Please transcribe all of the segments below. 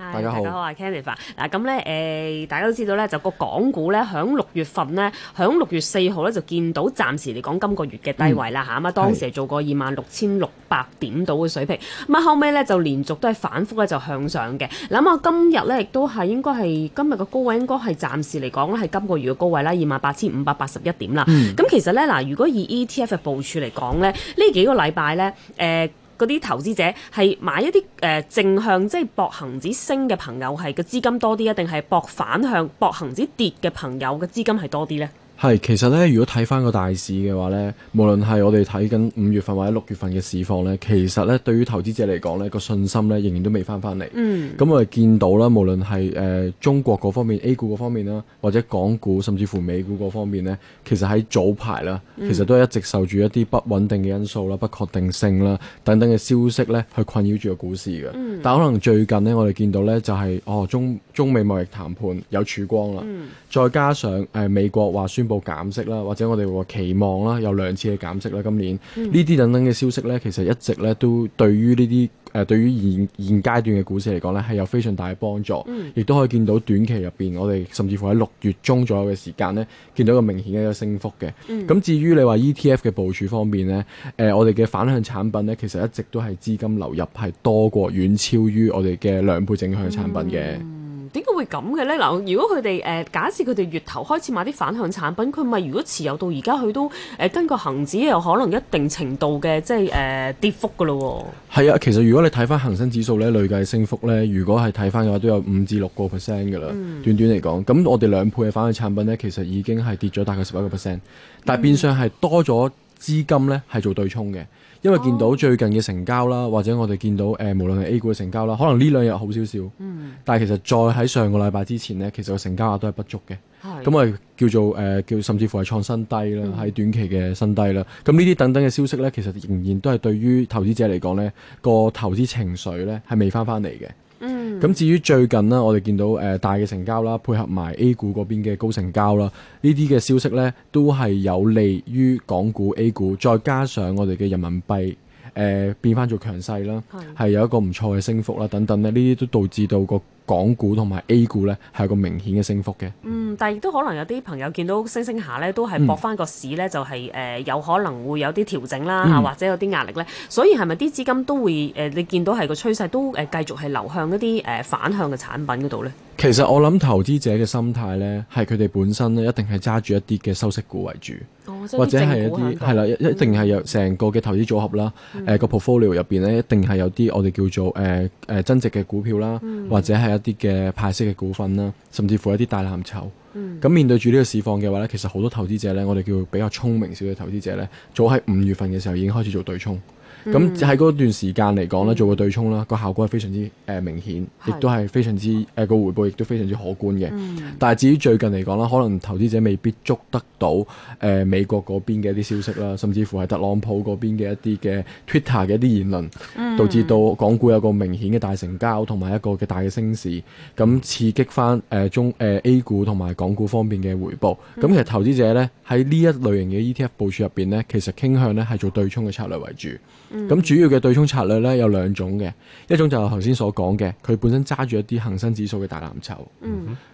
Hi, 大家好，大家好啊，Kenny，嗱，咁咧，誒，大家都知道咧，就個港股咧，喺六月份咧，喺六月四號咧，就見到暫時嚟講今個月嘅低位啦嚇，咁、嗯、啊，當時係做過二萬六千六百點度嘅水平，咁啊，後尾咧就連續都係反覆咧就向上嘅，諗啊，今日咧亦都係應該係今日嘅高位，應該係暫時嚟講係今個月嘅高位啦，二萬八千五百八十一點啦。咁、嗯、其實咧嗱，如果以 ETF 嘅部署嚟講咧，呢幾個禮拜咧，誒、呃。嗰啲投資者係買一啲誒、呃、正向，即係博恒指升嘅朋友係個資金多啲，定係博反向、博恒指跌嘅朋友嘅資金係多啲咧？係，其實咧，如果睇返個大市嘅話咧，無論係我哋睇緊五月份或者六月份嘅市況咧，其實咧對於投資者嚟講咧，個信心咧仍然都未返返嚟。嗯。咁、嗯、我哋見到啦，無論係誒、呃、中國嗰方面、A 股嗰方面啦，或者港股甚至乎美股嗰方面咧，其實喺早排啦，其實都係一直受住一啲不穩定嘅因素啦、不確定性啦等等嘅消息咧，去困擾住個股市嘅。嗯、但可能最近呢，我哋見到咧就係、是、哦中中美貿易談判有曙光啦。嗯、再加上誒、呃、美國話宣部減息啦，或者我哋期望啦，有兩次嘅減息啦。今年呢啲、嗯、等等嘅消息呢，其實一直呢都對於呢啲誒，對於現現階段嘅股市嚟講呢，係有非常大嘅幫助。亦都、嗯、可以見到短期入邊，我哋甚至乎喺六月中左右嘅時間呢，見到一個明顯嘅一個升幅嘅。咁、嗯、至於你話 ETF 嘅部署方面呢，誒、呃，我哋嘅反向產品呢，其實一直都係資金流入係多過遠超於我哋嘅兩倍正向產品嘅。嗯點解會咁嘅咧？嗱，如果佢哋誒假設佢哋月頭開始買啲反向產品，佢咪如果持有到而家，佢都誒根據恆指有可能一定程度嘅即係誒跌幅嘅咯喎。係啊，其實如果你睇翻恒生指數咧，累計升幅咧，如果係睇翻嘅話，都有五至六個 percent 嘅啦。嗯、短短嚟講，咁我哋兩倍嘅反向產品咧，其實已經係跌咗大概十一個 percent，但係變相係多咗資金咧係做對沖嘅。因為見到最近嘅成交啦，或者我哋見到誒、呃，無論係 A 股嘅成交啦，可能呢兩日好少少，嗯、但係其實再喺上個禮拜之前呢，其實個成交額都係不足嘅，咁啊、嗯、叫做誒叫、呃、甚至乎係創新低啦，喺短期嘅新低啦，咁呢啲等等嘅消息呢，其實仍然都係對於投資者嚟講呢、個投資情緒呢，係未翻翻嚟嘅。嗯，咁至於最近呢，我哋見到誒大嘅成交啦，配合埋 A 股嗰邊嘅高成交啦，呢啲嘅消息呢都係有利於港股 A 股，再加上我哋嘅人民幣誒變翻做強勢啦，係有一個唔錯嘅升幅啦，等等咧，呢啲都導致到個港股同埋 A 股咧，係個明顯嘅升幅嘅、嗯。嗯，但係亦都可能有啲朋友見到升升下咧，都係搏翻個市咧、就是，就係誒有可能會有啲調整啦，或者有啲壓力咧。所以係咪啲資金都會誒、呃，你見到係個趨勢都誒繼續係流向一啲誒、呃、反向嘅產品嗰度咧？其實我諗投資者嘅心態咧，係佢哋本身咧一定係揸住一啲嘅收息股為主，哦、或者係一啲係啦，一定係有成個嘅投資組合啦。誒個 portfolio 入邊咧，一定係有啲我哋叫做誒誒、呃、增值嘅股票啦，或者係一啲嘅派息嘅股份啦，甚至乎一啲大藍籌，咁、嗯、面對住呢個市況嘅話咧，其實好多投資者咧，我哋叫比較聰明少少投資者咧，早喺五月份嘅時候已經開始做對沖。咁喺嗰段時間嚟講咧，做個對沖啦，個效果係非常之誒、呃、明顯，亦都係非常之誒個、呃、回報亦都非常之可觀嘅。嗯、但係至於最近嚟講咧，可能投資者未必捉得到誒、呃、美國嗰邊嘅一啲消息啦，甚至乎係特朗普嗰邊嘅一啲嘅 Twitter 嘅一啲言論，嗯、導致到港股有個明顯嘅大成交同埋一個嘅大嘅升市，咁刺激翻誒、呃、中誒 A、呃、股同埋港股方面嘅回報。咁、嗯、其實投資者咧喺呢一類型嘅 ETF 部署入邊咧，其實傾向咧係做對沖嘅策略為主。咁、嗯、主要嘅對沖策略咧有兩種嘅，一種就係頭先所講嘅，佢本身揸住一啲恒生指數嘅大藍籌，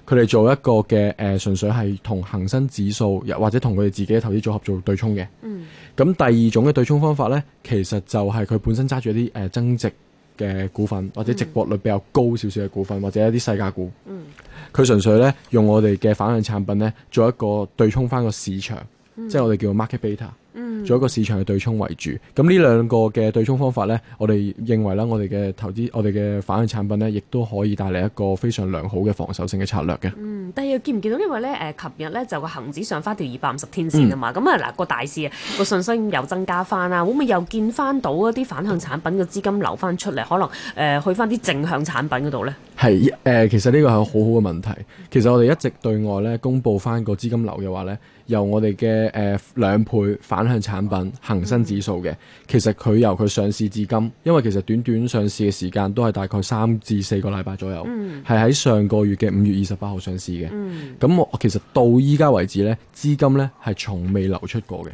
佢哋、嗯、做一個嘅誒、呃、純粹係同恒生指數，又或者同佢哋自己嘅投資組合做對沖嘅。咁、嗯、第二種嘅對沖方法咧，其實就係佢本身揸住一啲誒、呃、增值嘅股份，或者值博率比較高少少嘅股份，或者一啲細價股。佢、嗯、純粹咧用我哋嘅反向產品咧做一個對沖翻個市場，嗯、即係我哋叫 market beta、嗯。嗯做一個市場嘅對沖為主，咁呢兩個嘅對沖方法呢，我哋認為啦，我哋嘅投資，我哋嘅反向產品呢，亦都可以帶嚟一個非常良好嘅防守性嘅策略嘅。嗯，但係又見唔見到？因為呢，誒、呃，琴日呢，就個恒指上翻條二百五十天線啊嘛，咁啊、嗯，嗱個大市啊，個信心又增加翻啦，會唔會又見翻到一啲反向產品嘅資金流翻出嚟？可能誒、呃、去翻啲正向產品嗰度呢？係誒、呃，其實呢個係好好嘅問題。其實我哋一直對外呢，公佈翻個資金流嘅話呢。由我哋嘅誒兩倍反向產品恒生指數嘅，其實佢由佢上市至今，因為其實短短上市嘅時間都係大概三至四個禮拜左右，係喺、嗯、上個月嘅五月二十八號上市嘅。咁我、嗯、其實到依家為止呢，資金呢係從未流出過嘅。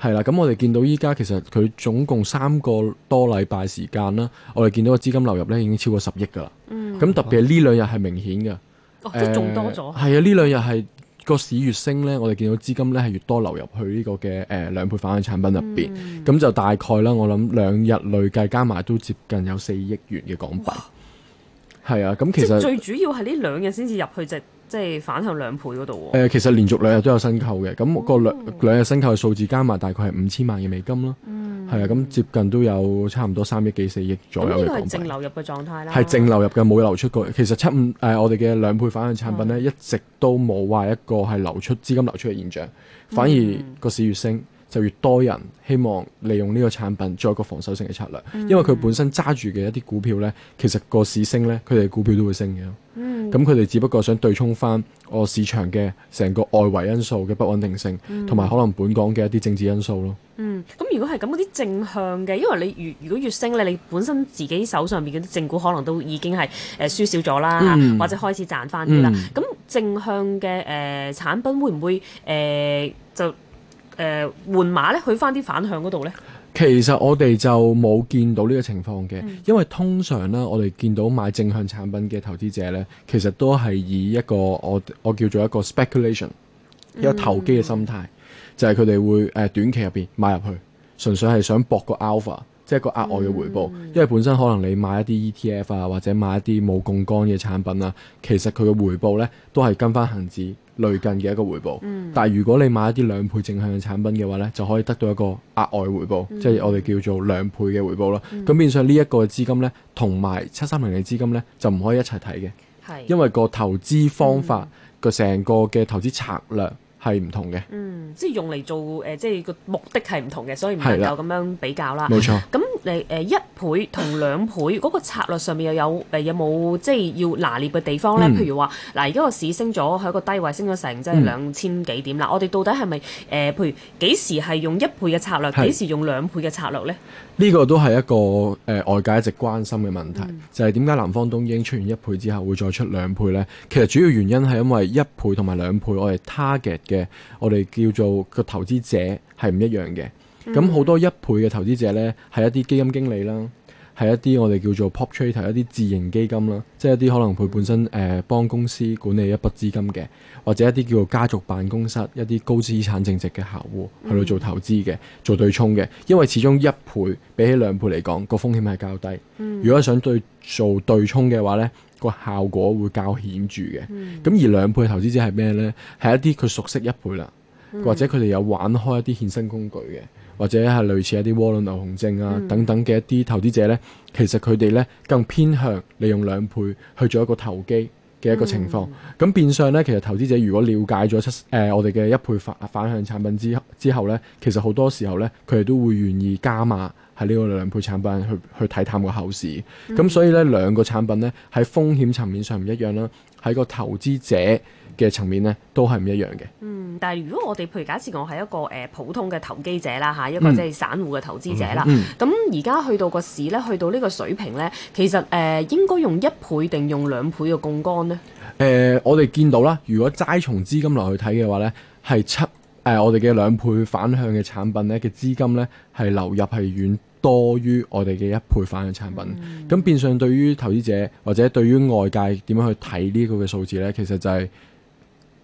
係啦哇，咁我哋見到依家其實佢總共三個多禮拜時間啦，我哋見到個資金流入呢已經超過十億㗎啦。咁、嗯嗯、特別係呢兩日係明顯嘅，哦、即係仲多咗，係啊、呃，呢兩日係。個市越升咧，我哋見到資金咧係越多流入去呢個嘅誒、呃、兩倍返嘅產品入邊，咁、嗯、就大概啦。我諗兩日累計加埋都接近有四億元嘅港幣。係哇啊，咁其實最主要係呢兩日先至入去啫、就是。即係反向兩倍嗰度喎。誒，其實連續兩日都有新購嘅，咁個兩、oh. 兩日申購嘅數字加埋大概係五千萬嘅美金咯、mm.。嗯，係啊，咁接近都有差唔多三億幾四億左右嘅港幣。咁應該係淨流入嘅狀態啦。係淨流入嘅，冇流出過。其實七五誒、呃，我哋嘅兩倍反向產品咧，oh. 一直都冇話一個係流出資金流出嘅現象，mm. 反而個市越升。就越多人希望利用呢個產品做一個防守性嘅策略，嗯、因為佢本身揸住嘅一啲股票呢，其實個市升呢，佢哋股票都會升嘅。咁佢哋只不過想對沖翻個市場嘅成個外圍因素嘅不穩定性，同埋、嗯、可能本港嘅一啲政治因素咯。咁、嗯、如果係咁，嗰啲正向嘅，因為你如如果越升咧，你本身自己手上邊嘅正股可能都已經係誒、呃、輸少咗啦，嗯、或者開始賺翻啲啦。咁、嗯嗯、正向嘅誒、呃、產品會唔會誒、呃、就？誒、呃、換馬咧，去翻啲反向嗰度咧。其實我哋就冇見到呢個情況嘅，嗯、因為通常咧，我哋見到買正向產品嘅投資者咧，其實都係以一個我我叫做一個 speculation，一個投機嘅心態，嗯、就係佢哋會誒、呃、短期入邊買入去，純粹係想搏個 alpha。即係個額外嘅回報，mm hmm. 因為本身可能你買一啲 ETF 啊，或者買一啲冇槓桿嘅產品啊，其實佢嘅回報呢都係跟翻恒指類近嘅一個回報。Mm hmm. 但係如果你買一啲兩倍正向嘅產品嘅話呢，就可以得到一個額外回報，mm hmm. 即係我哋叫做兩倍嘅回報咯。咁、mm hmm. 變相呢一個資金呢，同埋七三零嘅資金呢，就唔可以一齊睇嘅，mm hmm. 因為個投資方法、mm hmm. 個成個嘅投資策略。係唔同嘅，嗯，即係用嚟做誒、呃，即係個目的係唔同嘅，所以唔能夠咁樣比較啦。冇錯，咁。嚟一倍同兩倍嗰、那個策略上面又有誒有冇即係要拿捏嘅地方呢？嗯、譬如話，嗱而家個市升咗喺個低位升咗成即係兩千幾點啦。嗯、我哋到底係咪誒？譬如幾時係用一倍嘅策略，幾是時用兩倍嘅策略呢？呢個都係一個誒、呃、外界一直關心嘅問題，嗯、就係點解南方東英出完一倍之後會再出兩倍呢？其實主要原因係因為一倍同埋兩倍我哋 target 嘅我哋叫做個投資者係唔一樣嘅。咁好、嗯、多一倍嘅投資者咧，係一啲基金經理啦，係一啲我哋叫做 pop trader，一啲自營基金啦，即係一啲可能佢本身誒、嗯呃、幫公司管理一筆資金嘅，或者一啲叫做家族辦公室一啲高資產淨值嘅客戶喺度做投資嘅，做對沖嘅，因為始終一倍比起兩倍嚟講個風險係較低。嗯、如果想對做對沖嘅話咧，個效果會較顯著嘅。咁、嗯、而兩倍投資者係咩咧？係一啲佢熟悉一倍啦，或者佢哋有玩開一啲衍生工具嘅。或者係類似一啲窩輪牛熊證啊等等嘅一啲投資者呢，其實佢哋呢更偏向利用兩倍去做一個投機嘅一個情況。咁、嗯、變相呢，其實投資者如果了解咗出誒我哋嘅一倍反反向產品之之後呢，其實好多時候呢，佢哋都會願意加碼喺呢個兩倍產品去去睇淡個後市。咁、嗯、所以呢，兩個產品呢喺風險層面上唔一樣啦，喺個投資者。嘅層面呢，都係唔一樣嘅。嗯，但係如果我哋譬如假設我係一個誒、呃、普通嘅投，投資者啦，嚇一個即係散戶嘅投資者啦，咁而家去到個市呢去到呢個水平呢，其實誒、呃、應該用一倍定用兩倍嘅槓桿呢？誒、呃，我哋見到啦，如果齋從資金落去睇嘅話呢，係七誒、呃，我哋嘅兩倍反向嘅產品呢嘅資金呢，係流入係遠多於我哋嘅一倍反向產品。咁、嗯、變相對於投資者或者對於外界點樣去睇呢個嘅數字呢，其實就係、是。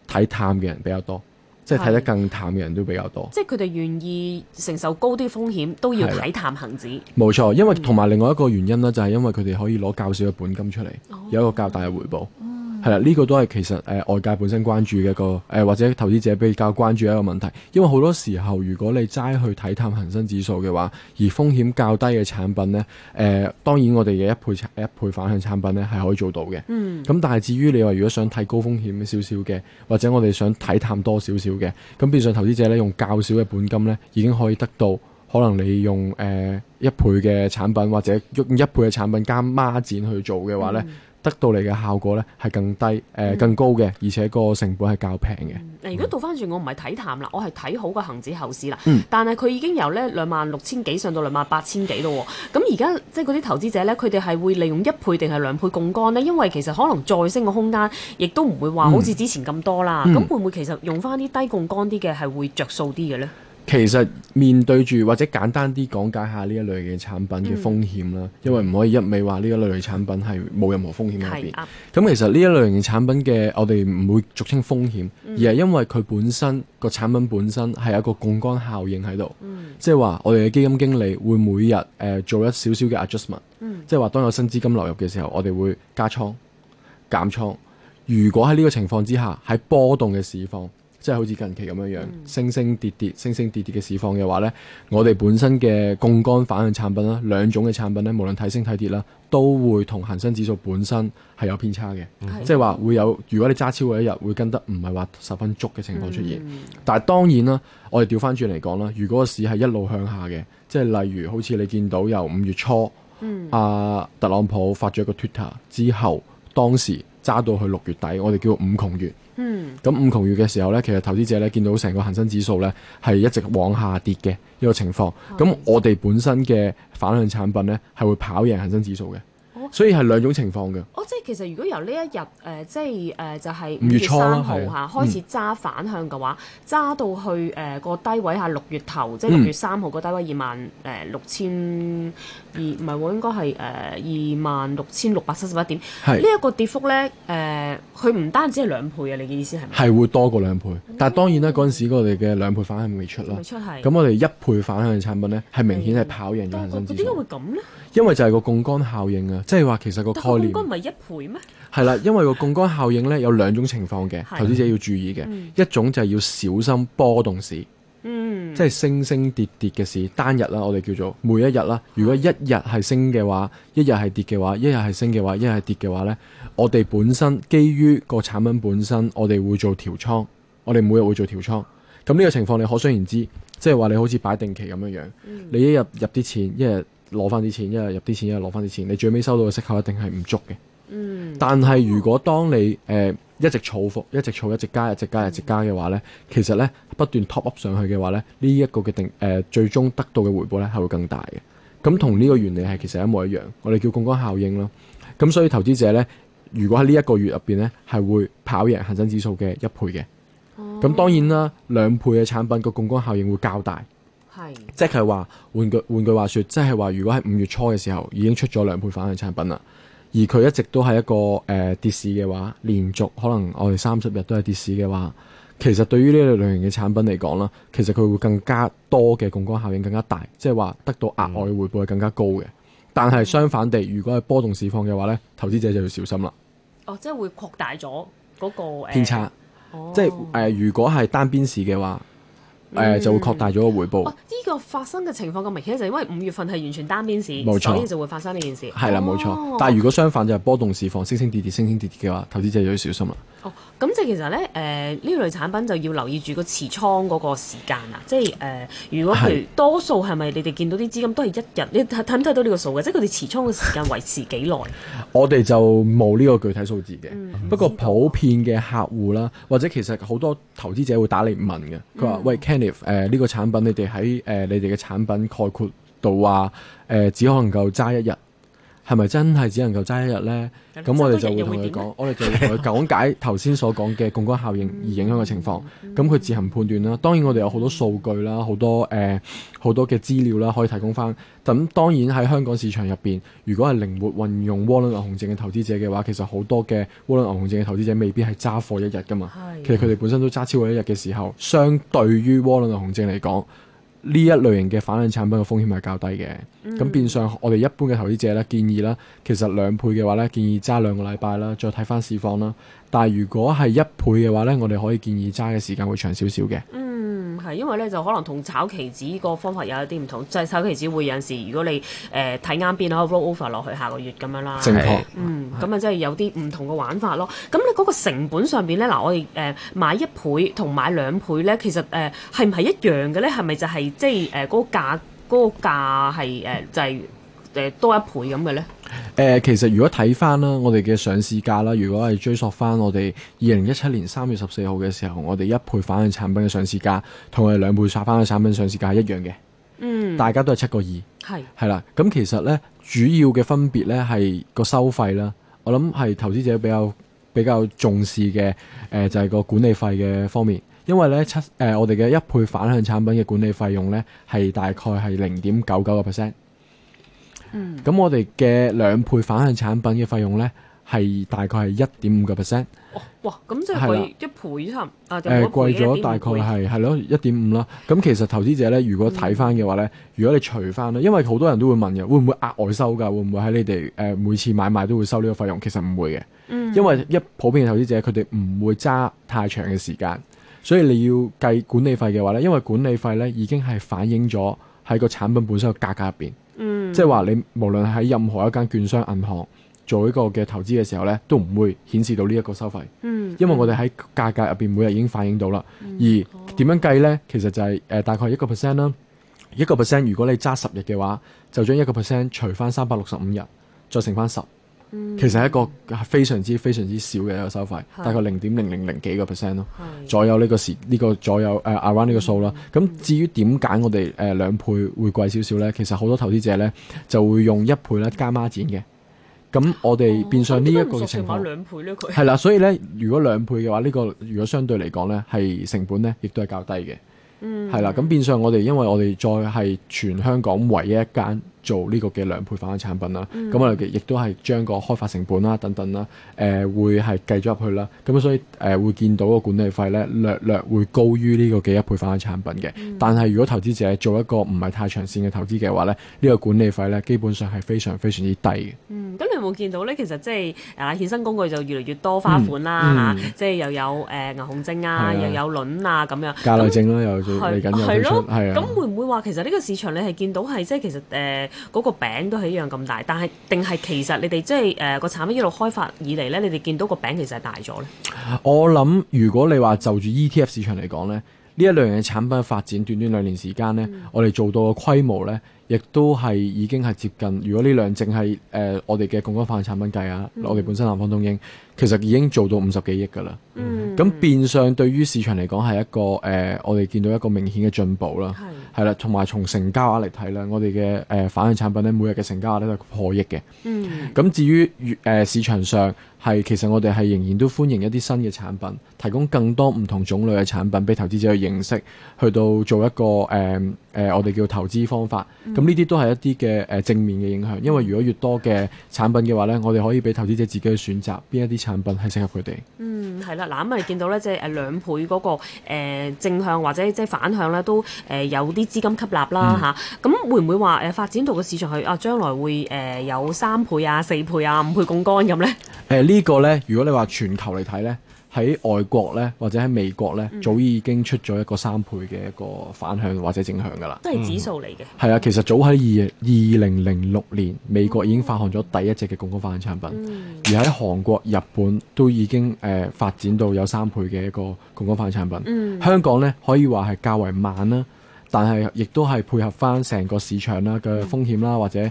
睇淡嘅人比較多，即係睇得更淡嘅人都比較多。即係佢哋願意承受高啲風險，都要睇淡恒指。冇錯，因為同埋、嗯、另外一個原因呢，就係、是、因為佢哋可以攞較少嘅本金出嚟，有一個較大嘅回報。哦嗯係啦，呢個都係其實誒、呃、外界本身關注嘅一個誒、呃，或者投資者比較關注一個問題。因為好多時候，如果你齋去睇淡恒生指數嘅話，而風險較低嘅產品呢，誒、呃、當然我哋嘅一倍一倍反向產品呢係可以做到嘅。嗯。咁但係至於你話如果想睇高風險少少嘅，或者我哋想睇淡多少少嘅，咁變相投資者呢，用較少嘅本金呢已經可以得到可能你用誒、呃、一倍嘅產品或者用一倍嘅產品加孖展去做嘅話呢。嗯得到嚟嘅效果呢係更低誒、呃、更高嘅，而且個成本係較平嘅。嗱、嗯，如果倒翻轉我唔係睇淡啦，我係睇好個恆指後市啦。嗯、但係佢已經由呢兩萬六千幾上到兩萬八千幾咯。咁而家即係嗰啲投資者呢，佢哋係會利用一倍定係兩倍槓桿呢？因為其實可能再升嘅空間亦都唔會話好似之前咁多啦。咁、嗯、會唔會其實用翻啲低槓桿啲嘅係會着數啲嘅呢？其實面對住或者簡單啲講解下呢一類嘅產品嘅風險啦，嗯、因為唔可以一味話呢一類型產品係冇任何風險入邊。咁、嗯、其實呢一類型產品嘅我哋唔會俗稱風險，而係因為佢本身、這個產品本身係一個槓桿效應喺度。嗯、即係話我哋嘅基金經理會每日誒、呃、做一少少嘅 adjustment，、嗯、即係話當有新資金流入嘅時候，我哋會加倉、減倉。如果喺呢個情況之下喺波動嘅市況。即係好似近期咁樣樣，升升跌跌、升升跌跌嘅市況嘅話呢，我哋本身嘅槓桿反向產品啦，兩種嘅產品呢，無論睇升睇跌啦，都會同恒生指數本身係有偏差嘅，嗯、即係話會有。如果你揸超過一日，會跟得唔係話十分足嘅情況出現。嗯、但係當然啦，我哋調翻轉嚟講啦，如果個市係一路向下嘅，即係例如好似你見到由五月初，嗯，啊，特朗普發咗一個 Twitter 之後，當時揸到去六月底，我哋叫五窮月。嗯，咁五窮月嘅時候咧，其實投資者咧見到成個恒生指數咧係一直往下跌嘅一個情況，咁、嗯、我哋本身嘅反向產品咧係會跑贏恒生指數嘅。所以係兩種情況嘅。哦，即係其實如果由呢一日誒、呃，即係誒、呃、就係、是、五月初啦，係啊、嗯，開始揸反向嘅話，揸、嗯、到去誒個、呃、低位嚇六月頭，即係六月三號個低位二萬誒六千二，唔係喎，應該係二萬六千六百七十一點。呢一是個跌幅咧，誒佢唔單止係兩倍啊！你嘅意思係咪？係會多過兩倍，嗯、但係當然啦，嗰陣、嗯、時我哋嘅兩倍反向未出咯。咁我哋一倍反向嘅產品咧，係明顯係跑贏咗恒生。但係點解會咁呢？因為就係個槓桿效應啊！即係話，其實個概念，槓桿唔係一倍咩？係 啦，因為個槓桿效應咧有兩種情況嘅， 投資者要注意嘅。的一種就係要小心波動市，嗯、即係升升跌跌嘅市。單日啦、啊，我哋叫做每一日啦、啊。如果一日係升嘅話，一日係跌嘅話，一日係升嘅話，一日係跌嘅話咧，我哋本身基於個產品本身，我哋會做調倉，我哋每日會做調倉。咁呢個情況，你可想而知，即係話你好似擺定期咁樣樣，嗯、你一日入啲錢，一日。攞翻啲錢，一係入啲錢，一係攞翻啲錢，你最尾收到嘅息口一定係唔足嘅。嗯，但係如果當你誒一直儲伏，一直儲，一直加，一直加，一直加嘅話咧，其實咧不斷 top up 上去嘅話咧，呢、這、一個嘅定誒、呃、最終得到嘅回報咧係會更大嘅。咁同呢個原理係其實一模一樣，我哋叫槓桿效應咯。咁所以投資者咧，如果喺呢一個月入邊咧係會跑贏恒生指數嘅一倍嘅。哦，咁當然啦，兩倍嘅產品個槓桿效應會較大。即係話，換句換句話說，即係話如果喺五月初嘅時候已經出咗兩倍反向產品啦，而佢一直都係一個誒、呃、跌市嘅話，連續可能我哋三十日都係跌市嘅話，其實對於呢類類型嘅產品嚟講啦，其實佢會更加多嘅槓桿效應，更加大，即係話得到額外嘅回報係更加高嘅。但係相反地，如果係波動市況嘅話呢，投資者就要小心啦。哦，即係會擴大咗嗰、那個偏差。呃查哦、即係、呃、如果係單邊市嘅話。誒、嗯、就會擴大咗個回報。呢、哦呢個發生嘅情況咁明顯，就係、因為五月份係完全單邊市，錯所以就會發生呢件事。係啦的，冇、哦、錯。但係如果相反就係波動市況，升升跌跌，升升跌跌嘅話，投資者就要小心啦。哦，咁即係其實咧，誒、呃、呢類產品就要留意住個持倉嗰個時間啊。即係誒、呃，如果譬如是多數係咪你哋見到啲資金都係一日？你睇唔睇到呢個數嘅？即係佢哋持倉嘅時間維持幾耐？ 我哋就冇呢個具體數字嘅。嗯、不過普遍嘅客戶啦，或者其實好多投資者會打嚟問嘅。佢話、嗯嗯：喂誒呢、呃這個產品你、呃，你哋喺誒你哋嘅產品概括度啊，誒、呃、只可能夠揸一日。係咪真係只能夠揸一日呢？咁、嗯、我哋就會同佢講， 我哋就會同佢講解頭先所講嘅槓桿效應而影響嘅情況。咁佢、 嗯、自行判斷啦。當然我哋有好多數據啦，好多誒好、呃、多嘅資料啦，可以提供翻。咁當然喺香港市場入邊，如果係靈活運用窩輪牛熊證嘅投資者嘅話，其實好多嘅窩輪牛熊證嘅投資者未必係揸貨一日㗎嘛。的其實佢哋本身都揸超過一日嘅時候，相對於窩輪牛熊證嚟講。呢一類型嘅反向產品嘅風險係較低嘅，咁、嗯、變相我哋一般嘅投資者咧，建議啦，其實兩倍嘅話咧，建議揸兩個禮拜啦，再睇返市況啦。但係如果係一倍嘅話呢，我哋可以建議揸嘅時間會長少少嘅。嗯嗯，係，因為咧就可能同炒期指個方法有一啲唔同，就係、係、炒期指會有陣時，如果你誒睇啱邊啦，roll over 落去下個月咁樣啦。正確。嗯，咁啊，即係、嗯、有啲唔同嘅玩法咯。咁你嗰個成本上邊咧，嗱，我哋誒、呃、買一倍同買兩倍咧，其實誒係唔係一樣嘅咧？係咪就係、係、即係誒嗰個價嗰、嗰個價係、呃、就係、係？誒多一倍咁嘅咧？誒、呃，其實如果睇翻啦，我哋嘅上市價啦，如果係追溯翻我哋二零一七年三月十四號嘅時候，我哋一倍反向產品嘅上市價同我哋兩倍刷翻嘅產品上市價係一樣嘅。嗯，大家都係七個二。係係啦，咁其實咧，主要嘅分別咧係個收費啦。我諗係投資者比較比較重視嘅誒、嗯呃，就係、係、個管理費嘅方面，因為咧七誒、呃，我哋嘅一倍反向產品嘅管理費用咧係大概係零點九九個 percent。咁、嗯、我哋嘅兩倍反向產品嘅費用呢，係大概係一點五個 percent。哇！咁即係貴一倍差唔多，誒、啊啊呃、貴咗大概係係咯一點五啦。咁、啊、其實投資者呢，如果睇翻嘅話呢，嗯、如果你除翻咧，因為好多人都會問嘅，會唔會額外收㗎？會唔會喺你哋誒、呃、每次買賣都會收呢個費用？其實唔會嘅，嗯、因為一普遍投資者佢哋唔會揸太長嘅時間，所以你要計管理費嘅話呢，因為管理費呢已經係反映咗。喺個產品本身個價格入邊，即係話你無論喺任何一間券商銀行做呢個嘅投資嘅時候咧，都唔會顯示到呢一個收費。嗯、因為我哋喺價格入邊每日已經反映到啦。嗯、而點樣計咧？其實就係、是、誒、呃、大概一個 percent 啦，一個 percent。如果你揸十日嘅話，就將一個 percent 除翻三百六十五日，再乘翻十。其實係一個非常之非常之少嘅一個收費，是大概零點零零零幾個 percent 咯是、這個，左右呢個時呢個左右誒 around 呢、嗯、個數啦。咁、嗯、至於點解我哋誒、uh, 兩倍會貴少少咧？其實好多投資者咧就會用一倍咧加孖展嘅。咁、嗯、我哋變相呢一個情況，哦、兩倍咧係啦。所以咧，如果兩倍嘅話，呢、這個如果相對嚟講咧，係成本咧，亦都係較低嘅。嗯，係啦。咁變相我哋因為我哋再係全香港唯一一間。做呢個嘅兩倍返嘅產品啦，咁我哋亦都係將個開發成本啦等等啦，誒會係計咗入去啦，咁所以誒會見到個管理費咧略略會高於呢個嘅一倍返嘅產品嘅，但係如果投資者做一個唔係太長線嘅投資嘅話咧，呢個管理費咧基本上係非常非常之低嘅。嗯，咁你有冇見到咧？其實即係啊，衍生工具就越嚟越多花款啦，即係又有誒牛熊證啊，又有輪啊咁樣。隔離證啦，又最近有啲咁，會唔會話其實呢個市場你係見到係即係其實誒？嗰個餅都係一樣咁大，但係定係其實你哋即係誒個產品一路開發以嚟呢？你哋見到個餅其實係大咗呢？我諗如果你話就住 ETF 市場嚟講呢，呢一類型嘅產品發展短短兩年時間呢，嗯、我哋做到嘅規模呢，亦都係已經係接近。如果呢兩淨係誒我哋嘅共鳴化產品計啊，嗯、我哋本身南方東英其實已經做到五十幾億㗎喇。咁、嗯、變相對於市場嚟講係一個誒、呃，我哋見到一個明顯嘅進步啦。係啦，同埋從成交額嚟睇啦，我哋嘅誒反向產品咧，每日嘅成交額咧都破億嘅。嗯，咁至於月、呃、市場上。係，其實我哋係仍然都歡迎一啲新嘅產品，提供更多唔同種類嘅產品俾投資者去認識，去到做一個誒誒、嗯呃，我哋叫投資方法。咁呢啲都係一啲嘅誒正面嘅影響，因為如果越多嘅產品嘅話呢，我哋可以俾投資者自己去選擇邊一啲產品係適合佢哋。嗯，係啦，嗱咁你見到呢，即係誒兩倍嗰、那個、呃、正向或者即係反向呢，都誒有啲資金吸納啦嚇。咁、啊嗯嗯嗯、會唔會話誒發展到個市場去、啊？啊，將來會誒有三倍啊、四倍啊、五倍槓桿咁呢？誒呢、呃這個呢，如果你話全球嚟睇呢，喺外國呢，或者喺美國呢，嗯、早已經出咗一個三倍嘅一個反向或者正向噶啦，即係指數嚟嘅。係、嗯、啊，其實早喺二二零零六年，美國已經發行咗第一隻嘅槓桿反向產品，嗯、而喺韓國、日本都已經誒、呃、發展到有三倍嘅一個槓桿反向產品。嗯、香港呢，可以話係較為慢啦。但係亦都係配合翻成個市場啦嘅風險啦，嗯、或者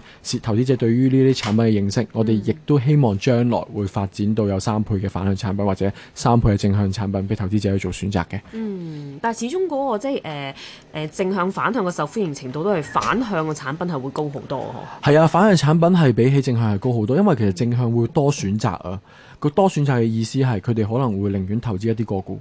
投資者對於呢啲產品嘅認識，嗯、我哋亦都希望將來會發展到有三倍嘅反向產品或者三倍嘅正向產品俾投資者去做選擇嘅。嗯，但係始終嗰、嗰個即係誒誒正向反向嘅受歡迎程度都係反向嘅產品係會高好多嗬。係啊，反向產品係比起正向係高好多，因為其實正向會多選擇啊。個多選擇嘅意思係佢哋可能會寧願投資一啲個股。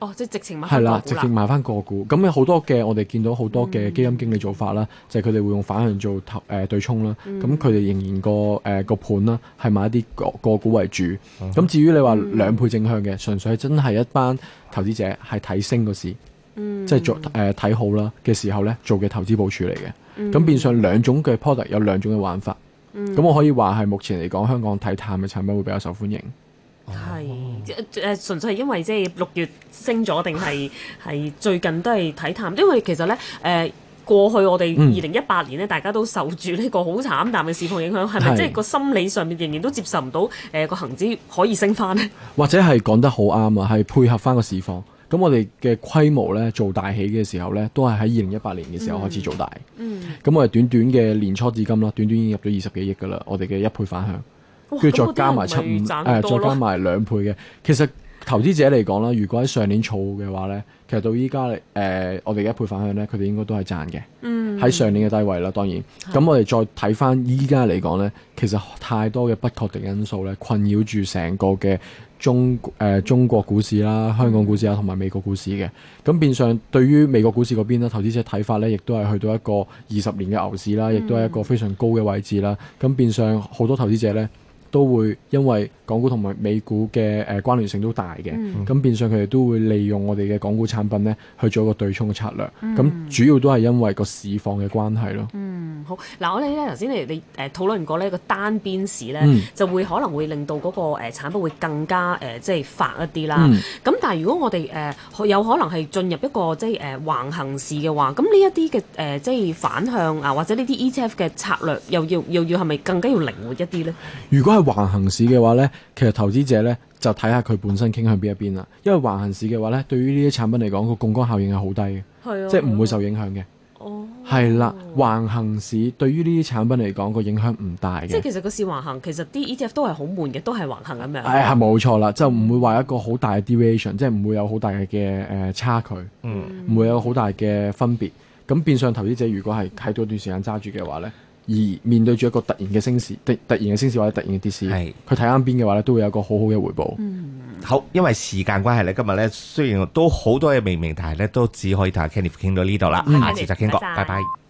哦，即係直情買係啦，直接買翻個股。咁有好多嘅，我哋見到好多嘅基金經理做法啦，嗯、就係佢哋會用反向做投誒、呃、對沖啦。咁佢哋仍然個誒個、呃、盤啦，係買一啲個,個股為主。咁、嗯、至於你話兩倍正向嘅，嗯、純粹真係一班投資者係睇升嗰時，即係、嗯、做誒睇、呃、好啦嘅時候咧做嘅投資部署嚟嘅。咁、嗯、變相兩種嘅 product 有兩種嘅玩法。咁、嗯嗯、我可以話係目前嚟講，香港睇淡嘅產品會比較受歡迎。係，誒、oh. 純粹係因為即係六月升咗，定係係最近都係睇淡，因為其實呢，誒過去我哋二零一八年咧，嗯、大家都受住呢個好慘淡嘅市況影響，係咪即係個心理上面仍然都接受唔到誒個恒指可以升翻咧？或者係講得好啱啊，係配合翻個市況。咁我哋嘅規模呢，做大起嘅時候呢，都係喺二零一八年嘅時候開始做大。嗯。咁、嗯、我哋短短嘅年初至今啦，短,短短已經入咗二十幾億噶啦，我哋嘅一倍反向。跟住再加埋七五，誒、啊、再加埋兩倍嘅。其實投資者嚟講啦，如果喺上年儲嘅話咧，其實到依家誒我哋一倍反向咧，佢哋應該都係賺嘅。嗯，喺上年嘅低位啦，當然。咁我哋再睇翻依家嚟講咧，其實太多嘅不確定因素咧，困擾住成個嘅中誒、呃、中國股市啦、香港股市啊，同埋美國股市嘅。咁變相對於美國股市嗰邊咧，投資者睇法咧，亦都係去到一個二十年嘅牛市啦，亦、嗯、都係一個非常高嘅位置啦。咁變相好多投資者咧，都會因為港股同埋美股嘅誒關聯性都大嘅，咁、嗯、變相佢哋都會利用我哋嘅港股產品咧去做一個對沖嘅策略。咁、嗯、主要都係因為個市況嘅關係咯。嗯，好。嗱，我哋咧頭先你哋誒討論過呢個單邊市咧，嗯、就會可能會令到嗰個誒產品會更加誒、呃、即係發一啲啦。咁、嗯、但係如果我哋誒、呃、有可能係進入一個即係誒橫行市嘅話，咁呢一啲嘅誒即係反向啊，或者呢啲 ETF 嘅策略又要又要係咪更、更加要靈活一啲咧？如果橫行市嘅話呢，其實投資者呢就睇下佢本身傾向邊一邊啦。因為橫行市嘅話呢，對於呢啲產品嚟講，個槓桿效應係好低嘅，啊、即係唔會受影響嘅。哦，係啦，橫行市對於呢啲產品嚟講，個影響唔大嘅。即係其實個市橫行，其實啲 ETF 都係好悶嘅，都係橫行咁樣。係係冇錯啦，就唔會話一個好大嘅 deviation 即係唔會有好大嘅誒差距，嗯、唔會有好大嘅分別。咁變相投資者如果係喺嗰段時間揸住嘅話呢。而面對住一個突然嘅升市，突然聲突然嘅升市或者突然嘅跌市，係佢睇啱邊嘅話咧，都會有一個好好嘅回報。嗯，好，因為時間關係咧，今日咧雖然都好多嘢未明，但係咧都只可以同阿 Kenneth 傾到呢度啦。嗯、下次再傾過，嗯、拜拜。拜拜